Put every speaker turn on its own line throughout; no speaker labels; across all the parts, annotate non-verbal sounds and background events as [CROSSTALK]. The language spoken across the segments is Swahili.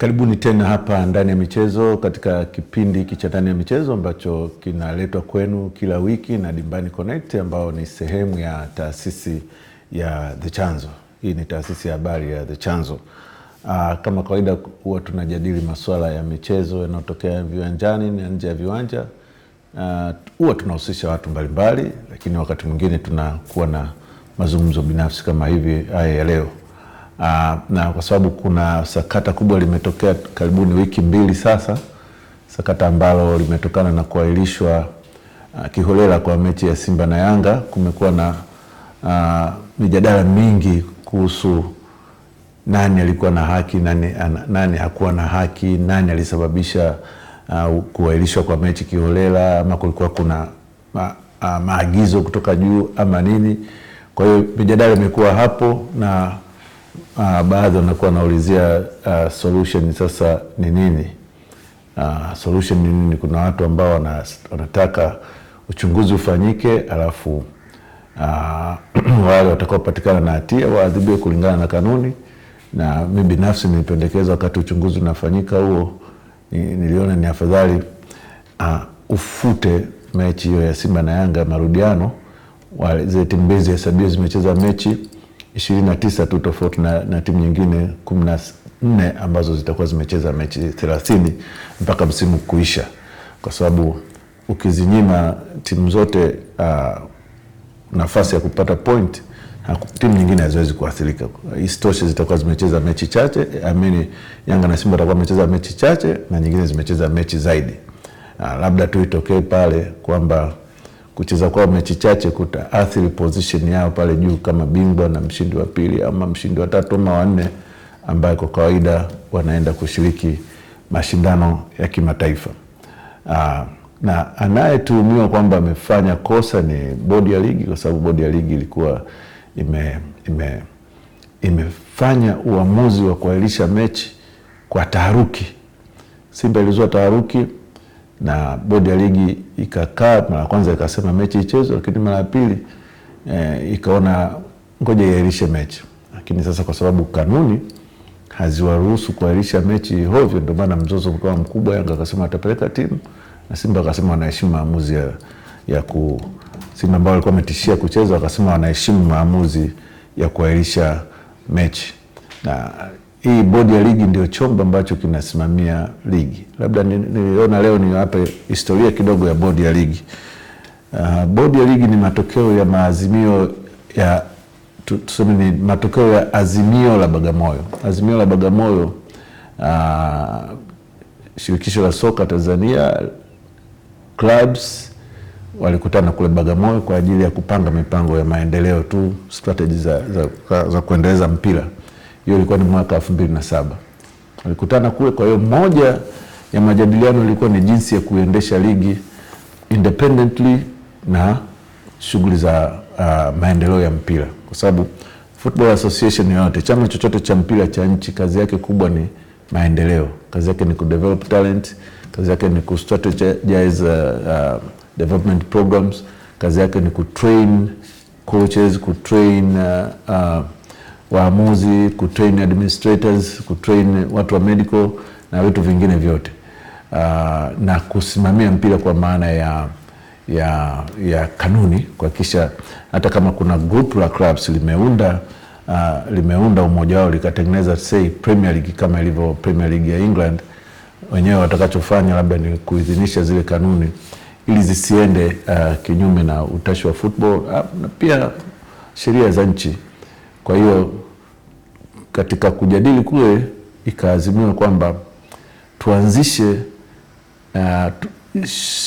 Karibuni tena hapa ndani ya michezo katika kipindi hiki cha ndani ya michezo ambacho kinaletwa kwenu kila wiki na Dimbani Connect ambao ni sehemu ya taasisi ya The Chanzo. Hii ni taasisi ya habari ya The Chanzo. Aa, ah, kama kawaida huwa tunajadili masuala ya michezo yanayotokea viwanjani na nje ya viwanja. Ah, huwa tunahusisha watu mbalimbali, lakini wakati mwingine tunakuwa na mazungumzo binafsi kama hivi haya ya leo. Aa, ah, na kwa sababu kuna sakata kubwa limetokea karibuni wiki mbili sasa, sakata ambalo limetokana na kuahirishwa uh, kiholela kwa mechi ya Simba na Yanga. Kumekuwa na uh, mijadala mingi kuhusu nani alikuwa na haki, nani, nani hakuwa na haki, nani alisababisha uh, kuahirishwa kwa mechi kiholela, ama kulikuwa kuna ma, uh, maagizo kutoka juu ama nini. Kwa hiyo mijadala imekuwa hapo na uh, baadhi wanakuwa wanaulizia uh, solution sasa ni nini? Uh, solution ni nini? Kuna watu ambao wanataka uchunguzi ufanyike, alafu uh, [CLEARS THROAT] wale watakaopatikana na hatia waadhibiwe kulingana na kanuni, na mi binafsi nilipendekeza wakati uchunguzi unafanyika huo, niliona ni afadhali uh, ufute mechi hiyo ya Simba na Yanga marudiano, zile timu mbili zihesabiwe zimecheza mechi 29 tu tofauti na, na timu nyingine 14 ambazo zitakuwa zimecheza mechi 30 mpaka msimu kuisha, kwa sababu ukizinyima timu zote uh, nafasi ya kupata point timu nyingine haziwezi kuathirika. Isitoshe, zitakuwa zimecheza mechi chache. Amini Yanga na Simba watakuwa wamecheza mechi chache na nyingine zimecheza mechi zaidi. Uh, labda tu itokee pale kwamba kucheza kwao mechi chache kutaathiri position yao pale juu kama bingwa na mshindi wa pili ama mshindi wa tatu ama wanne ambaye kwa kawaida wanaenda kushiriki mashindano ya kimataifa. Aa, ah, na anayetuhumiwa kwamba amefanya kosa ni bodi ya ligi, kwa sababu bodi ya ligi ilikuwa ime, ime, imefanya uamuzi wa kuahirisha mechi kwa taharuki. Simba ilizua taharuki na bodi ya ligi ikakaa, mara kwanza ikasema mechi ichezwe, lakini mara pili e, ikaona ngoja iairishe mechi. Lakini sasa kwa sababu kanuni haziwaruhusu kuairisha mechi hovyo, ndio maana mzozo ukawa mkubwa. Yanga akasema atapeleka timu na Simba akasema wanaheshimu maamuzi ya, ya ku Simba ambao walikuwa wametishia kucheza wakasema wanaheshimu maamuzi ya kuairisha mechi na hii bodi ya ligi ndio chombo ambacho kinasimamia ligi. Labda niliona leo niwape historia kidogo ya bodi ya ligi. Uh, bodi ya ligi ni matokeo ya maazimio ya tuseme ni matokeo ya azimio la Bagamoyo. Azimio la Bagamoyo, uh, shirikisho la soka Tanzania clubs walikutana kule Bagamoyo kwa ajili ya kupanga mipango ya maendeleo tu strategy za, za, za kuendeleza mpira hiyo ilikuwa ni mwaka elfu mbili na saba walikutana kule. Kwa hiyo moja ya majadiliano ilikuwa ni jinsi ya kuendesha ligi independently na shughuli za uh, maendeleo ya mpira, kwa sababu Football Association yoyote, chama chochote cha mpira cha nchi, kazi yake kubwa ni maendeleo. Kazi yake ni kudevelop talent, kazi yake ni kustrategize uh, uh, development programs, kazi yake ni kutrain coaches, kutrain uh, uh, waamuzi, kutrain administrators, kutrain watu wa medical na vitu vingine vyote uh, na kusimamia mpira kwa maana ya ya ya kanuni, kuhakikisha hata kama kuna group la clubs limeunda uh, limeunda umoja wao likatengeneza say Premier League kama ilivyo Premier League ya England, wenyewe watakachofanya labda ni kuidhinisha zile kanuni ili zisiende uh, kinyume na utashi wa football uh, na pia sheria za nchi. Kwa hiyo katika kujadili kule ikaazimiwa kwamba tuanzishe uh,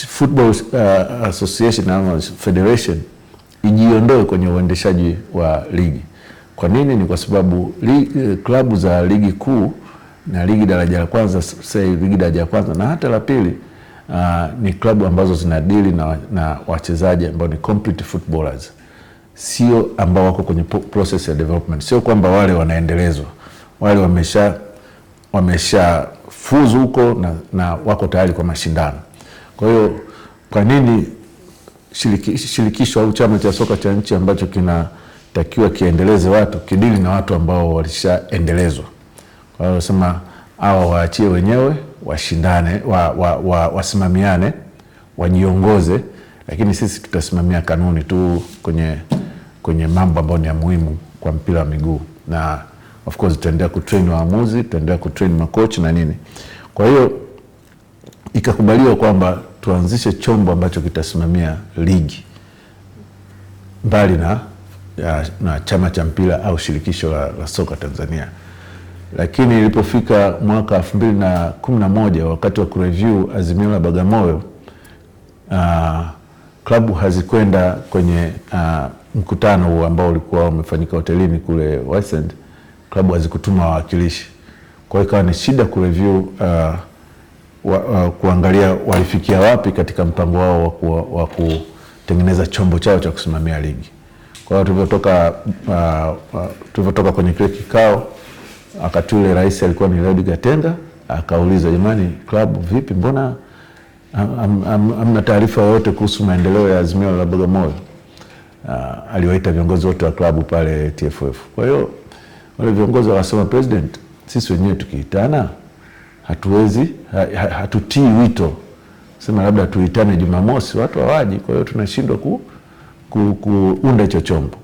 Football uh, Association ama Federation ijiondoe kwenye uendeshaji wa ligi. Kwa nini? Ni kwa sababu li, eh, klabu za ligi kuu na ligi daraja la kwanza say, ligi daraja la kwanza na hata la pili uh, ni klabu ambazo zinadili na, na wachezaji ambao ni complete footballers sio ambao wako kwenye process ya development, sio kwamba wale wanaendelezwa, wale wamesha wameshafuzu huko na, na wako tayari kwa mashindano. Kwa hiyo kwa nini shirikisho au chama cha soka cha nchi ambacho kinatakiwa kiendeleze watu kidili na watu ambao walishaendelezwa? Kwa hiyo sema hawa waachie wenyewe washindane, wa, wa, wa, wasimamiane, wajiongoze lakini sisi tutasimamia kanuni tu kwenye, kwenye mambo ambayo ni ya muhimu kwa mpira wa miguu na of course tutaendelea kutrain waamuzi, tutaendelea kutrain makochi na nini. Kwa hiyo ikakubaliwa kwamba tuanzishe chombo ambacho kitasimamia ligi mbali na, ya, na chama cha mpira au shirikisho la, la soka Tanzania. Lakini ilipofika mwaka elfu mbili na kumi na moja wakati wa kureview Azimio la Bagamoyo uh, klabu hazikwenda kwenye uh, mkutano huu ambao ulikuwa umefanyika hotelini kule Westend, klabu hazikutuma wawakilishi. Kwa hiyo ikawa ni shida review uh, ah, wa, uh, kuangalia walifikia wapi katika mpango wao wa kutengeneza chombo chao cha kusimamia ligi. Kwa hiyo tulivyotoka uh, uh, tulivyotoka kwenye kile kikao, wakati ule rais alikuwa ni Leodegar Tenga, akauliza jamani, klabu vipi, mbona amna taarifa yoyote kuhusu maendeleo ya Azimio la Bagamoyo. Uh, aliwaita viongozi wote wa klabu pale TFF. Kwa hiyo wale viongozi wakasema, president, sisi wenyewe tukiitana hatuwezi ha, hatutii wito, sema labda tuitane Jumamosi watu hawaji, kwa hiyo tunashindwa ku, ku, kuunda hicho chombo.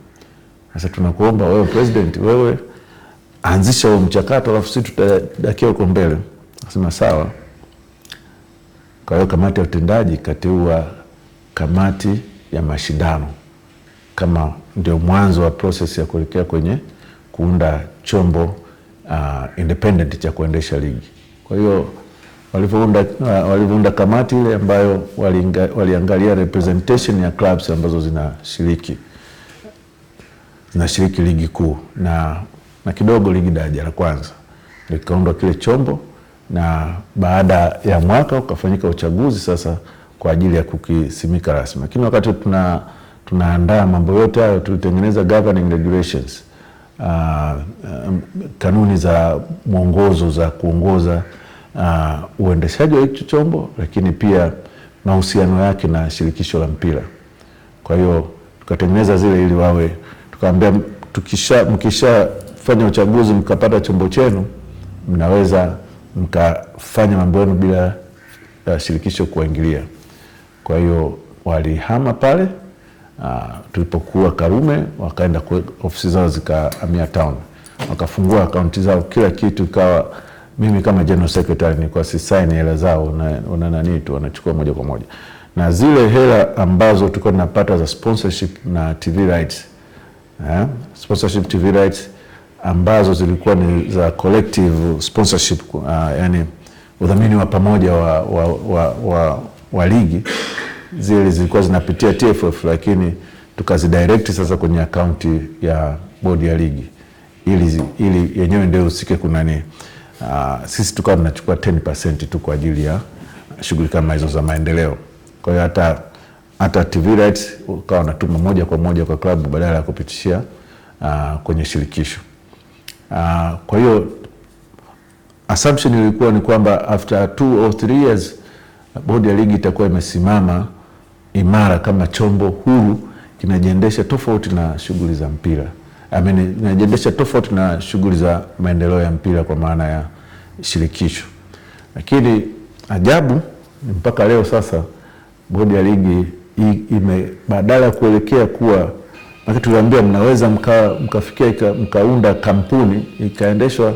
Sasa tunakuomba wewe president, wewe anzisha huo mchakato, alafu sisi tutadakia huko mbele. Asema sawa. Kwa hiyo kamati ya utendaji ikateua kamati ya mashindano kama ndio mwanzo wa proses ya kuelekea kwenye kuunda chombo uh, independent cha kuendesha ligi. Kwa hiyo walivyounda uh, walivyounda kamati ile ambayo waliangalia representation ya clubs ambazo zinashiriki zinashiriki ligi kuu na, na kidogo ligi daraja la kwanza, likaundwa kile chombo na baada ya mwaka ukafanyika uchaguzi sasa kwa ajili ya kukisimika rasmi. Lakini wakati tuna tunaandaa mambo yote hayo tulitengeneza governing regulations uh, um, kanuni za mwongozo za kuongoza uh, uendeshaji wa hicho chombo, lakini pia mahusiano yake na shirikisho la mpira. Kwa hiyo tukatengeneza zile ili wawe, tukaambia tukisha mkishafanya uchaguzi mkapata chombo chenu mnaweza mkafanya mambo yenu bila uh, shirikisho kuwaingilia. Kwa hiyo walihama pale Uh, tulipokuwa Karume wakaenda ofisi zao zikahamia town, wakafungua akaunti zao, kila kitu ikawa. Mimi kama general secretary nilikuwa sisaini hela zao, una, una nani tu wanachukua moja kwa moja, na zile hela ambazo tulikuwa tunapata za sponsorship na TV rights, eh, sponsorship TV rights ambazo zilikuwa ni za collective sponsorship uh, yani udhamini wa pamoja wa, wa, wa, wa, wa ligi zile zilikuwa zinapitia TFF, lakini tukazidirect sasa kwenye akaunti ya bodi ya ligi ili, ili yenyewe ndio usike kuna ni uh, sisi tukawa tunachukua 10% tu kwa ajili ya shughuli kama hizo za maendeleo. Kwa hiyo hata hata TV rights ukawa unatuma moja kwa moja kwa klabu badala ya kupitishia uh, kwenye shirikisho. Uh, kwa hiyo assumption ilikuwa ni kwamba after two or three years bodi ya ligi itakuwa imesimama imara kama chombo huru kinajiendesha tofauti na shughuli za mpira I mean, inajiendesha tofauti na shughuli za maendeleo ya mpira kwa maana ya shirikisho. Lakini ajabu mpaka leo sasa bodi ya ligi ime badala ya kuelekea kuwa lakini tuliambia mnaweza mkafikia mka, mkaunda kampuni ikaendeshwa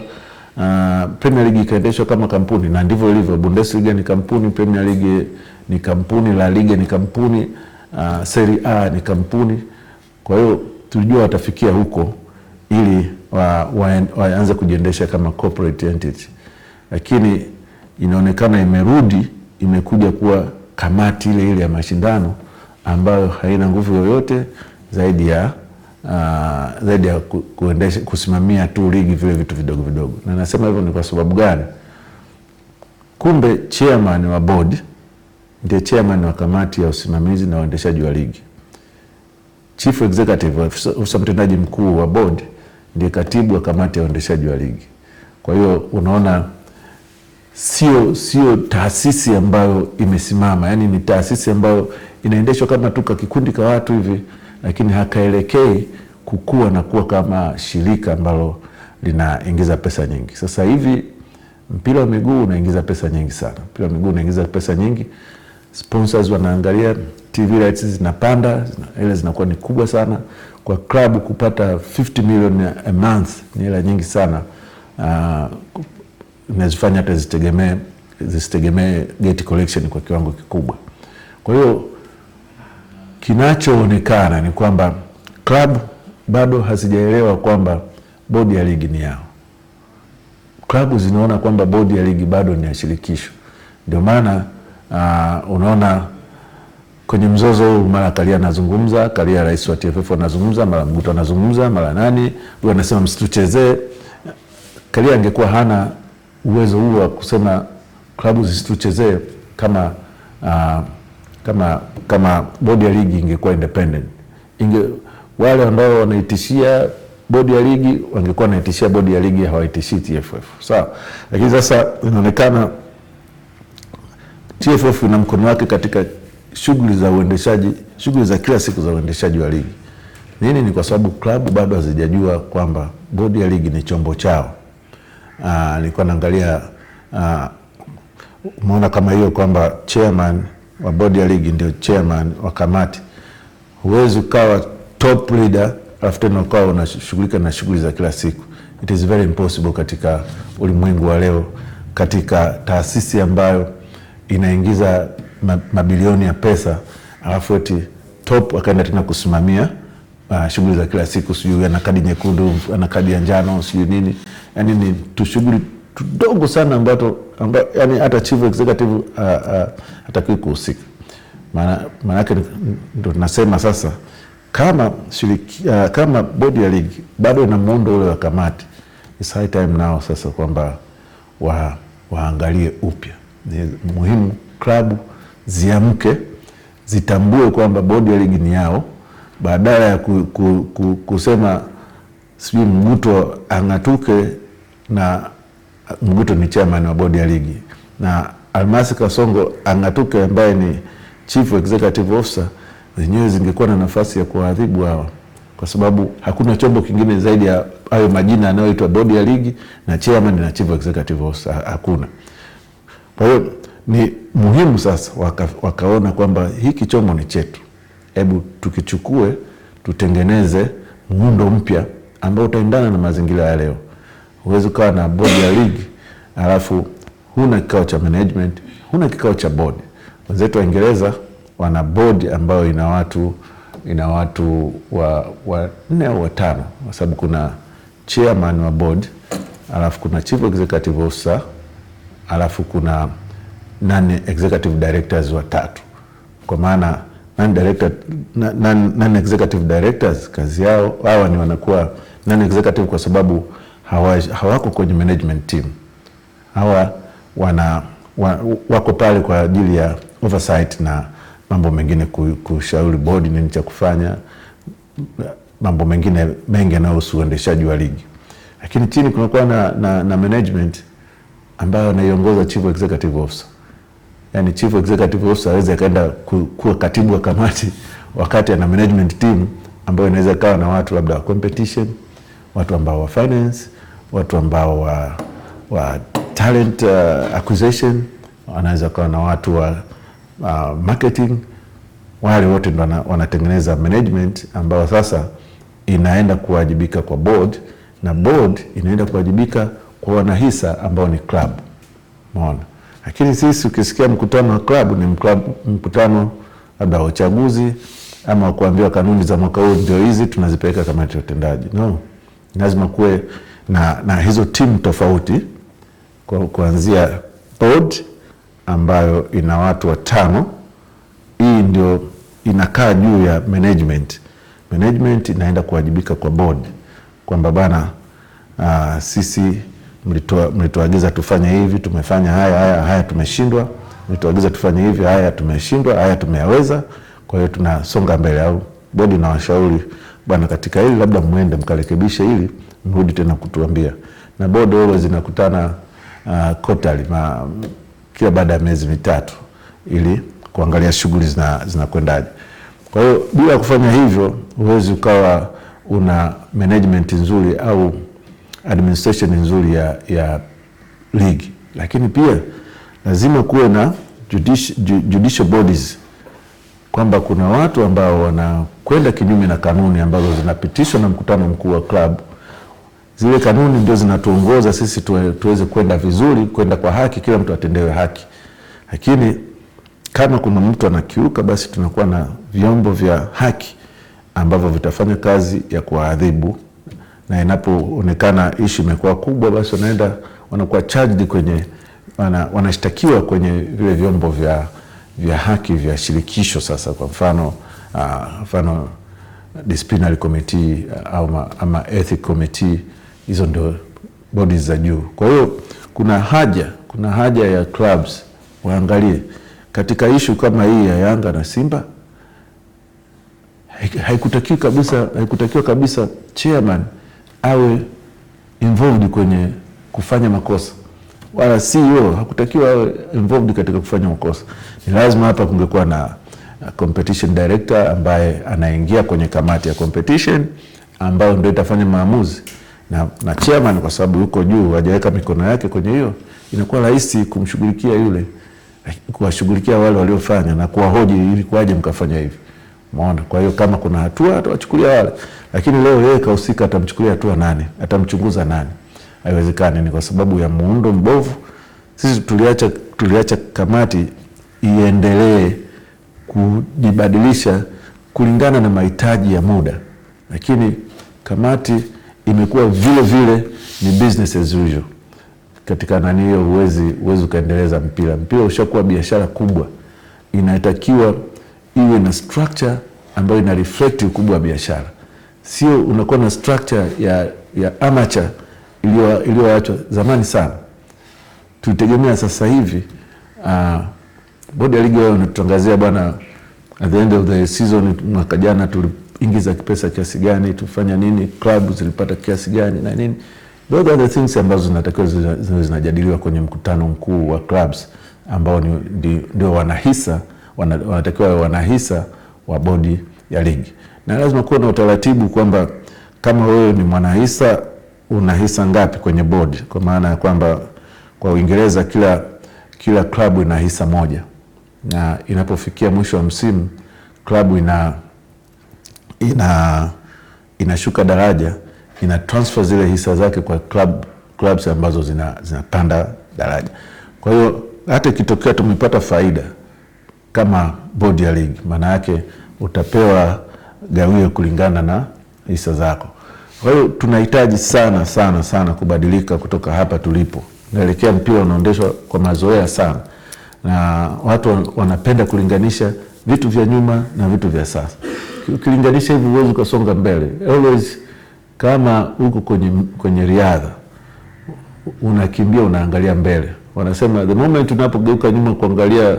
Uh, Premier League ikaendeshwa kama kampuni na ndivyo ilivyo. Bundesliga ni kampuni, Premier League ni kampuni, La Liga ni kampuni, uh, Serie A ni kampuni. Kwa hiyo tulijua watafikia huko ili wa, wa, wa, waanze kujiendesha kama corporate entity, lakini inaonekana imerudi, imekuja kuwa kamati ile ile ya mashindano ambayo haina nguvu yoyote zaidi ya uh, zaidi ya kuendesha kusimamia tu ligi vile vitu vidogo vidogo. Na nasema hivyo ni kwa sababu gani? Kumbe chairman wa board ndiye chairman wa kamati ya usimamizi na uendeshaji wa ligi. Chief executive ofisa mtendaji mkuu wa board ndiye katibu wa kamati ya uendeshaji wa ligi. Kwa hiyo unaona, sio sio taasisi ambayo imesimama, yani ni taasisi ambayo inaendeshwa kama tu ka kikundi ka watu hivi lakini hakaelekei kukua na kuwa kama shirika ambalo linaingiza pesa nyingi. Sasa hivi mpira wa miguu unaingiza pesa nyingi sana, mpira wa miguu unaingiza pesa nyingi, sponsors wanaangalia, TV rights zinapanda, ile zinakuwa ni kubwa sana. Kwa klabu kupata 50 million a month ni hela nyingi sana, inazifanya ah, uh, hata zisitegemee zisitegemee gate collection kwa kiwango kikubwa, kwa hiyo Kinachoonekana ni kwamba klabu bado hazijaelewa kwamba bodi ya ligi ni yao. Klabu zinaona kwamba bodi ya ligi bado ni ya shirikisho, ndio maana uh, unaona kwenye mzozo huu mara Kalia anazungumza, Kalia rais wa TFF anazungumza, mara Mguto anazungumza, mara nani huyu anasema msituchezee. Kalia angekuwa hana uwezo huo wa kusema klabu zisituchezee kama uh, kama kama bodi ya ligi ingekuwa independent inge, wale ambao wanaitishia bodi ya ligi wangekuwa wanaitishia bodi ya ligi, hawaitishii TFF sawa. Lakini sasa inaonekana TFF ina mkono wake katika shughuli za uendeshaji, shughuli za kila siku za uendeshaji wa ligi. Nini? Ni kwa sababu klabu bado hazijajua kwamba bodi ya ligi ni chombo chao. Ah, nilikuwa naangalia ah, umeona kama hiyo kwamba chairman wa bodi ya ligi ndio chairman wa kamati. Huwezi ukawa top leader alafu tena ukawa unashughulika na shughuli za kila siku. It is very impossible katika ulimwengu wa leo, katika taasisi ambayo inaingiza mabilioni ya pesa alafu eti top akaenda tena kusimamia uh, shughuli za kila siku, sijui ana kadi nyekundu, ana kadi ya njano, sijui nini, yani ni tushughuli tudogo sana ambato amba, yani hata chief executive uh, uh, hatakiwi kuhusika. Maana yake ndo tunasema sasa kama shiriki, uh, kama bodi ya ligi bado ina muundo ule wa kamati, it's high time nao sasa kwamba wa, waangalie upya. Ni muhimu klabu ziamke zitambue kwamba bodi ya ligi ni yao, badala ya ku, ku, ku, kusema sijui Mguto ang'atuke na Mguto ni chairman wa bodi ya ligi na Almasi Kasongo Ang'atuke ambaye ni chief executive officer, zenyewe zingekuwa na nafasi ya kuwaadhibu hawa kwa sababu hakuna chombo kingine zaidi ya hayo majina yanayoitwa bodi ya ligi na chairman na chief executive officer, hakuna. Kwa hiyo ni muhimu sasa waka, wakaona kwamba hiki chombo ni chetu, hebu tukichukue tutengeneze muundo mpya ambao utaendana na mazingira ya leo. Huwezi ukawa na bodi ya ligi alafu huna kikao cha management, huna kikao cha bodi. Wenzetu Waingereza wana bodi ambayo ina watu ina watu wa wanne au watano, kwa sababu kuna chairman wa board, alafu kuna chief executive officer, alafu kuna nane executive directors watatu, kwa maana nane director nane executive directors kazi yao hawa ni wanakuwa nane executive kwa sababu hawa, hawako kwenye management team. Hawa wana, wa, wako pale kwa ajili ya oversight na mambo mengine, kushauri bodi nini cha kufanya, mambo mengine mengi yanayohusu uendeshaji wa ligi, lakini chini kunakuwa na, na, na management ambayo anaiongoza chief executive officer. Yani chief executive officer aweze akaenda kuwa katibu wa kamati [LAUGHS] wakati ana management team ambayo inaweza kawa na watu labda wa competition, watu ambao wa finance, watu ambao wa, wa talent uh, acquisition, wanaweza kuwa na watu wa uh, marketing. Wale wote ndo wanatengeneza management ambayo sasa inaenda kuwajibika kwa board na board inaenda kuwajibika kwa wanahisa ambao ni club, umeona. Lakini sisi ukisikia mkutano wa club ni mkutano labda wa uchaguzi ama kuambiwa kanuni za mwaka huu ndio hizi tunazipeleka kamati ya utendaji. No, lazima kuwe na, na hizo timu tofauti kuanzia board ambayo ina watu watano. Hii ndio inakaa juu ya management. Management inaenda kuwajibika kwa board kwamba bana, uh, ah, sisi mlituagiza tufanye hivi, tumefanya haya haya haya, tumeshindwa. Mlituagiza tufanye hivi, haya tumeshindwa, haya tumeyaweza, kwa hiyo tunasonga mbele. Au bodi na washauri bwana, katika hili labda mwende mkarekebishe hili mrudi tena kutuambia, na bodi always inakutana uh, quarterly, ma, kila baada ya miezi mitatu ili kuangalia shughuli zinakwendaje. Kwa hiyo bila kufanya hivyo huwezi ukawa una management nzuri au administration nzuri ya, ya ligi. Lakini pia lazima kuwe na judicial, judicial bodies kwamba kuna watu ambao wanakwenda kinyume na kanuni ambazo zinapitishwa na mkutano mkuu wa klabu zile kanuni ndio zinatuongoza sisi tuweze kwenda vizuri, kwenda kwa haki, kila mtu atendewe haki. Lakini kama kuna mtu anakiuka, basi tunakuwa na vyombo vya haki ambavyo vitafanya kazi ya kuwaadhibu, na inapoonekana ishi imekuwa kubwa, basi wanaenda wanakuwa charged kwenye wana, wanashtakiwa kwenye vile vyombo vya, vya haki vya shirikisho. Sasa kwa mfano uh, mfano disciplinary committee uh, ama, ama ethic committee hizo ndio bodi za juu. Kwa hiyo kuna haja kuna haja ya clubs waangalie katika ishu kama hii ya Yanga na Simba haikutakiwa kabisa, haikutakiwa kabisa chairman awe involved kwenye kufanya makosa wala CEO hakutakiwa awe involved katika kufanya makosa. Ni lazima hapa kungekuwa na competition director ambaye anaingia kwenye kamati ya competition ambayo ndio itafanya maamuzi na, na chairman kwa sababu yuko juu hajaweka mikono yake kwenye hiyo, inakuwa rahisi kumshughulikia yule, kuwashughulikia wale waliofanya na kuwahoji ilikuwaje mkafanya hivi, umeona. Kwa hiyo kama kuna hatua atawachukulia wale, lakini leo yeye kahusika, atamchukulia hatua nani? Atamchunguza nani? Haiwezekani. Ni kwa sababu ya muundo mbovu. Sisi tuliacha, tuliacha kamati iendelee kujibadilisha kulingana na mahitaji ya muda, lakini kamati imekuwa vile vile ni business as usual katika nani hiyo, huwezi huwezi ukaendeleza mpira. Mpira ushakuwa biashara kubwa, inatakiwa iwe na structure ambayo ina reflect ukubwa wa biashara, sio unakuwa na structure ya, ya amateur iliyo iliyoachwa zamani sana. Tutegemea sasa hivi uh, bodi ya ligi wao wanatutangazia bwana, at the end of the season mwaka jana tuliingiza pesa kiasi gani, tufanya nini, klabu zilipata kiasi gani na nini. Those are the things ambazo zinatakiwa zinajadiliwa kwenye mkutano mkuu wa clubs ambao ndio wanahisa wanatakiwa wanahisa wa bodi ya ligi, na lazima kuwa na utaratibu kwamba kama wewe ni mwanahisa unahisa ngapi kwenye bodi, kwa maana ya kwamba kwa Uingereza kila kila klabu ina hisa moja, na inapofikia mwisho wa msimu klabu ina ina inashuka daraja ina transfer zile hisa zake kwa club, clubs ambazo zinapanda zina daraja. Kwa hiyo hata ikitokea tumepata faida kama bodi ya ligi, maana yake utapewa gawio kulingana na hisa zako. Kwa hiyo tunahitaji sana sana sana kubadilika kutoka hapa tulipo, naelekea mpira unaondeshwa kwa mazoea sana, na watu wanapenda kulinganisha vitu vya nyuma na vitu vya sasa ukilinganisha hivi huwezi ukasonga mbele. Always kama huko kwenye, kwenye riadha unakimbia unaangalia mbele. Wanasema the moment unapogeuka nyuma kuangalia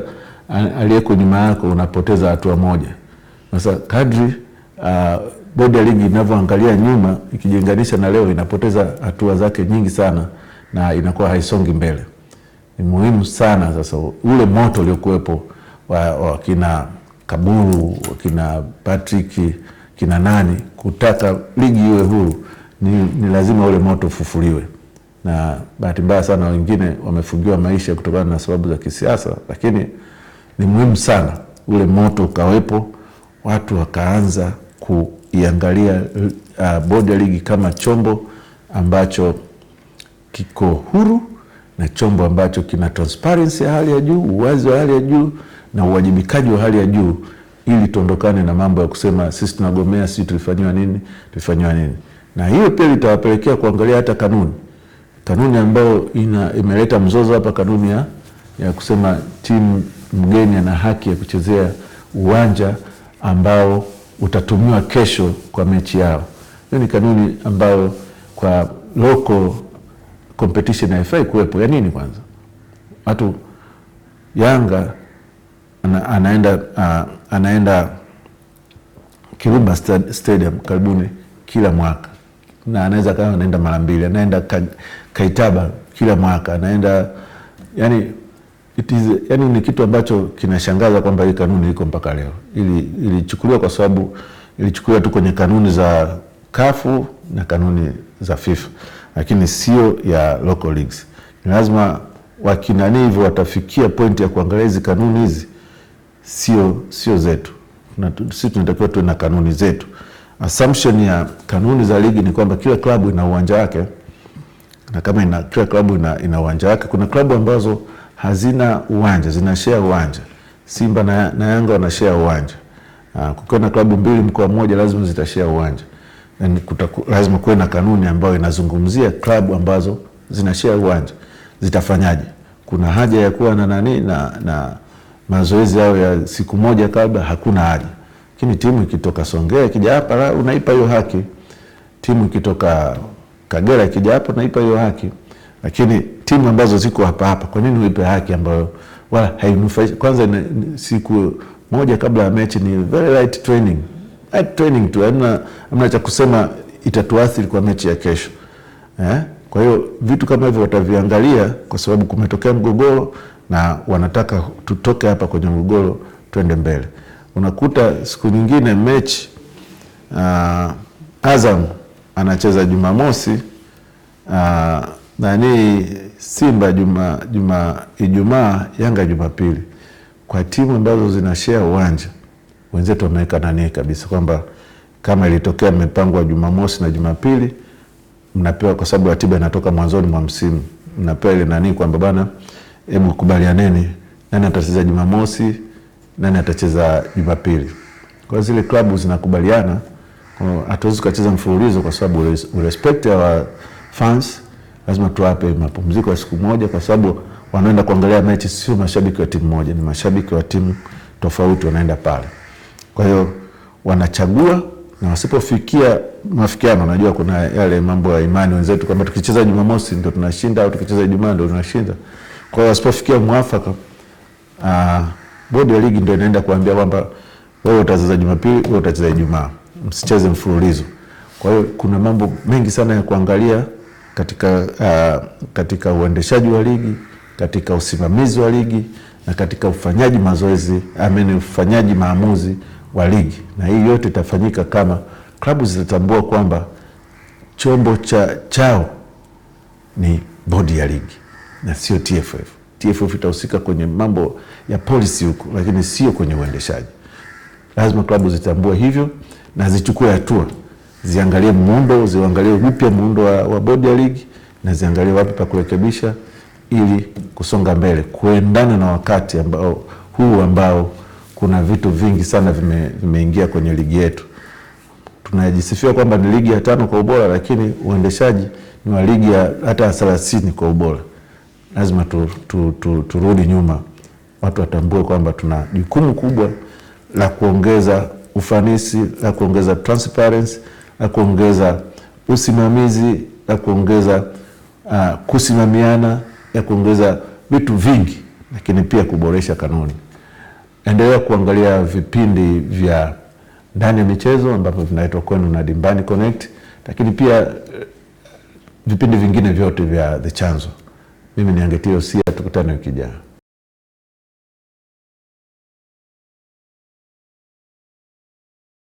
aliyeko nyuma yako unapoteza hatua moja. Sasa kadri uh, bodi ya ligi inavyoangalia nyuma ikijilinganisha na leo inapoteza hatua zake nyingi sana na inakuwa haisongi mbele. Ni muhimu sana sasa ule moto uliokuwepo wa, wa kina Kaburu kina Patrick kina nani kutaka ligi iwe huru ni, ni lazima ule moto ufufuliwe, na bahati mbaya sana wengine wamefungiwa maisha kutokana na sababu za kisiasa, lakini ni muhimu sana ule moto ukawepo, watu wakaanza kuiangalia uh, bodi ya ligi kama chombo ambacho kiko huru na chombo ambacho kina transparency ya hali ya juu, uwazi wa hali ya juu na uwajibikaji wa hali ya juu ili tuondokane na mambo ya kusema sisi tunagomea, sisi tulifanyiwa nini, tulifanyiwa nini. Na hiyo pia litawapelekea kuangalia hata kanuni, kanuni ambayo ina imeleta mzozo hapa, kanuni ya, ya kusema timu mgeni ana haki ya kuchezea uwanja ambao utatumiwa kesho kwa mechi yao. Hiyo ni kanuni ambayo kwa local competition haifai kuwepo. Ya nini kwanza? Watu Yanga ana, anaenda uh, anaenda Kiruba Stadium karibuni kila mwaka, na anaweza kama anaenda mara mbili, anaenda ka, Kaitaba kila mwaka anaenda yani, it is, yani ni kitu ambacho kinashangaza kwamba hii kanuni iko mpaka leo. Ilichukuliwa ili kwa sababu ilichukuliwa tu kwenye kanuni za kafu na kanuni za FIFA, lakini sio ya local leagues. Ni lazima wakinani hivyo watafikia pointi ya kuangalia hizi kanuni hizi sio sio zetu. Sisi tunatakiwa tuwe na kanuni zetu. Assumption ya kanuni za ligi ni kwamba kila klabu ina uwanja wake, na kama ina, kila klabu ina, ina uwanja wake. Kuna klabu ambazo hazina uwanja, zinashea uwanja. Simba na, na Yanga wanashea uwanja. Ah, kukiwa na klabu mbili mkoa mmoja, lazima zitashare uwanja. Yaani kutaku, lazima kuwe na kanuni ambayo inazungumzia klabu ambazo zinashea uwanja zitafanyaje. Kuna haja ya kuwa na nani na, na mazoezi yao ya siku moja kabla, hakuna haja. Lakini timu ikitoka Songea ikija hapa, unaipa hiyo haki. Timu ikitoka Kagera ikija hapa, unaipa hiyo haki. Lakini timu ambazo ziko hapa hapa, kwa nini uipe haki ambayo wala hainufaishi? Kwanza ni, ni, siku moja kabla ya mechi ni very light training, light training tu, hamna hamna cha kusema itatuathiri kwa mechi ya kesho eh? Kwa hiyo vitu kama hivyo wataviangalia, kwa sababu kumetokea mgogoro na wanataka tutoke hapa kwenye mgogoro twende mbele. Unakuta siku nyingine mechi uh, Azam anacheza Jumamosi uh, nani Simba juma juma Ijumaa, Yanga Jumapili. Kwa timu ambazo zinashea uwanja wenzetu wameweka nani kabisa kwamba kama ilitokea mmepangwa Jumamosi na Jumapili, mnapewa kwa sababu ratiba inatoka mwanzoni mwa msimu, mnapewa ile nani kwamba bana hebu kubalianeni nani atacheza Jumamosi, nani atacheza Jumapili. Kwa zile klabu zinakubaliana, hatuwezi ukacheza mfululizo kwa sababu urespect wa fans lazima tuwape mapumziko ya siku moja, kwa sababu wanaenda kuangalia mechi, sio mashabiki wa timu moja, ni mashabiki wa timu tofauti wanaenda pale. Kwa hiyo wanachagua na wasipofikia mafikiano, najua kuna yale mambo ya imani wenzetu kwamba tukicheza Jumamosi ndio tunashinda au tukicheza Ijumaa ndio tunashinda. Kwa hiyo wasipofikia mwafaka, ah, bodi ya ligi ndio inaenda kuambia kwamba wewe utacheza Jumapili, wewe utacheza Ijumaa, msicheze mfululizo. Kwa hiyo kuna mambo mengi sana ya kuangalia katika, uh, katika uendeshaji wa ligi, katika usimamizi wa ligi na katika ufanyaji mazoezi amene ufanyaji maamuzi wa ligi, na hii yote itafanyika kama klabu zitatambua kwamba chombo cha chao ni bodi ya ligi na sio TFF. TFF itahusika kwenye mambo ya polisi huko, lakini sio kwenye uendeshaji. Lazima klabu zitambue hivyo na zichukue hatua, ziangalie muundo, ziangalie upya muundo wa, wa bodi ya ligi na ziangalie wapi pa kurekebisha ili kusonga mbele kuendana na wakati ambao huu ambao kuna vitu vingi sana vime, vimeingia kwenye ligi yetu. Tunajisifia kwamba ni ligi ya tano kwa ubora, lakini uendeshaji ni wa ligi ya hata ya thelathini kwa ubora lazima tu, tu, tu, turudi nyuma, watu watambue kwamba tuna jukumu kubwa la kuongeza ufanisi, la kuongeza transparency, la kuongeza usimamizi, la kuongeza uh, kusimamiana, ya kuongeza vitu vingi, lakini pia kuboresha kanuni. Endelea kuangalia vipindi vya ndani ya michezo ambavyo vinaitwa kwenu na Dimbani Connect, lakini pia uh, vipindi vingine vyote vya The Chanzo mimi niangetilia usia tukutane wiki ijayo.